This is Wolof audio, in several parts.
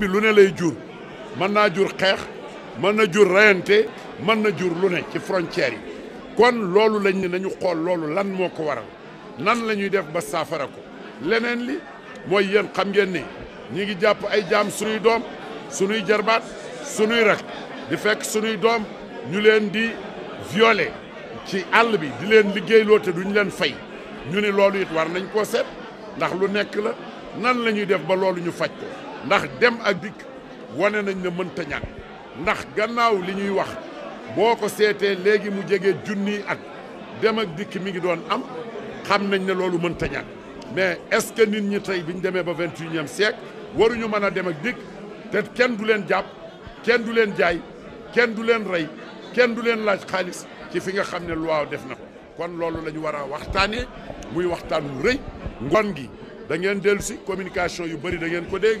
bi lu ne lay jur mën naa jur xeex mën na jur rayante mën na jur lu ne ci frontières yi kon loolu lañ ne nañu xool loolu lan moo ko waral nan la ñuy def ba saafara leneen li mooy yéen xam ngeen ni ñi ngi jàpp ay jaam sunuy doom sunuy jarbaat sunuy rak di fekk sunuy doom ñu leen di violer ci àll bi di leen liggéeyloo te duñu leen fay ñu ni loolu it war nañ koo seet ndax lu nekk la nan la ñuy def ba loolu ñu faj ndax dem ak dikk wane nañ ne mënta ñàkk ndax gannaaw li ñuy wax boo ko seetee léegi mu jege junniy at dem ak dikk mi ngi doon am xam nañ ne loolu mënta ñàkk mais est-ce que nit ñi tey bi ñu demee ba vingt et unième siècle waruñu mën a dem ak dikk te kenn du leen jàpp kenn du leen jaay kenn du leen rey kenn du leen laaj xaalis ci fi nga xam ne lu loi def na ko kon loolu la ñu war a waxtaanee muy waxtaan wu rëy. ngoon gi da ngeen dellu si communication yu bëri da ngeen ko dégg.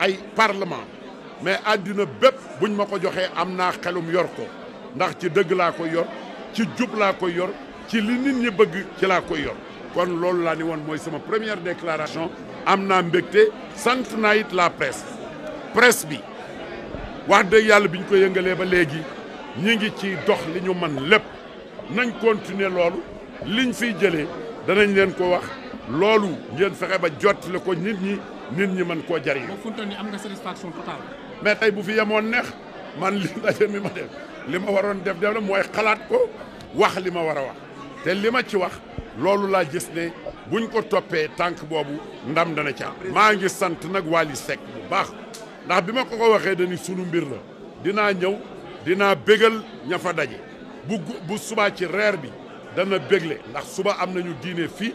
ay parlement mais àddina bépp buñ ma joxé amna xelum yor ko ndax ci deug la ko yor ci djub la ko yor ci li nit ni première déclaration amna sant la presse presse bi wax dëgg ko ba ngi ci dox li ñu man lepp nañ continuer loolu liñ ba ko nit ñi mën koo jariñ. boobu fu mu toll nii am nga satisfaction tey bu fi yemoon neex man li ndaje mi ma li ma waroon def def mooy xalaat ko wax li ma war a wax te li ma ci wax loolu laa gis ne buñ ko toppee tànk boobu ndam dana ci am. maa ngi sant nag Wally Seck bu baax ndax bi ma ko ko waxee dañu sunu mbir la dinaa ñëw dinaa bégal ña fa daje bu bu subaa ci reer bi dana bégle ndax suba am nañu diine fii.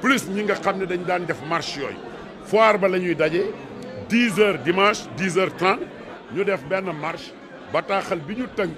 plus ñi nga xam nous dañ daan def marche yoy foire ba lañuy dajé 10 heures dimanche 10 heures 30 ñu def une marche ba taxal biñu teunk